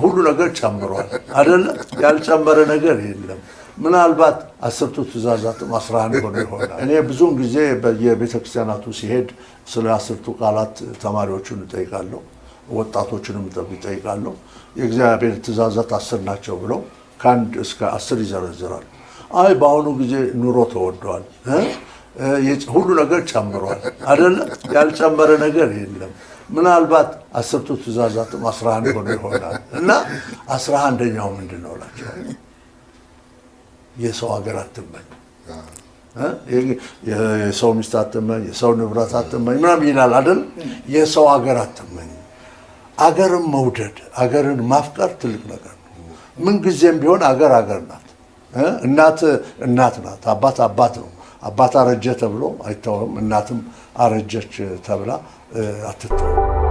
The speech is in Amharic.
ሁሉ ነገር ጨምሯል አይደለ? ያልጨመረ ነገር የለም። ምናልባት አስርቱ ትእዛዛትም አስራ አንድ ሆኖ ይሆናል። እኔ ብዙውን ጊዜ በየቤተ ክርስቲያናቱ ሲሄድ ስለ አስርቱ ቃላት ተማሪዎቹን እጠይቃለሁ፣ ወጣቶችንም እጠይቃለሁ። የእግዚአብሔር ትእዛዛት አስር ናቸው ብለው ከአንድ እስከ አስር ይዘረዝራል። አይ በአሁኑ ጊዜ ኑሮ ተወዷል፣ ሁሉ ነገር ጨምሯል አይደለ? ያልጨመረ ነገር የለም። ምናልባት አስርቱ ትእዛዛትም አስራ አንድ ሆኖ ይሆናል እና አስራ አንደኛው ምንድን ነው እላቸዋል። የሰው ሀገር አትመኝ፣ የሰው ሚስት አትመኝ፣ የሰው ንብረት አትመኝ ምናምን ይላል አይደል? የሰው ሀገር አትመኝ። አገርን መውደድ አገርን ማፍቀር ትልቅ ነገር ነው። ምንጊዜም ቢሆን አገር አገር ናት። እናት እናት ናት። አባት አባት ነው። አባት አረጀ ተብሎ አይተወም። እናትም አረጀች ተብላ አትተወም።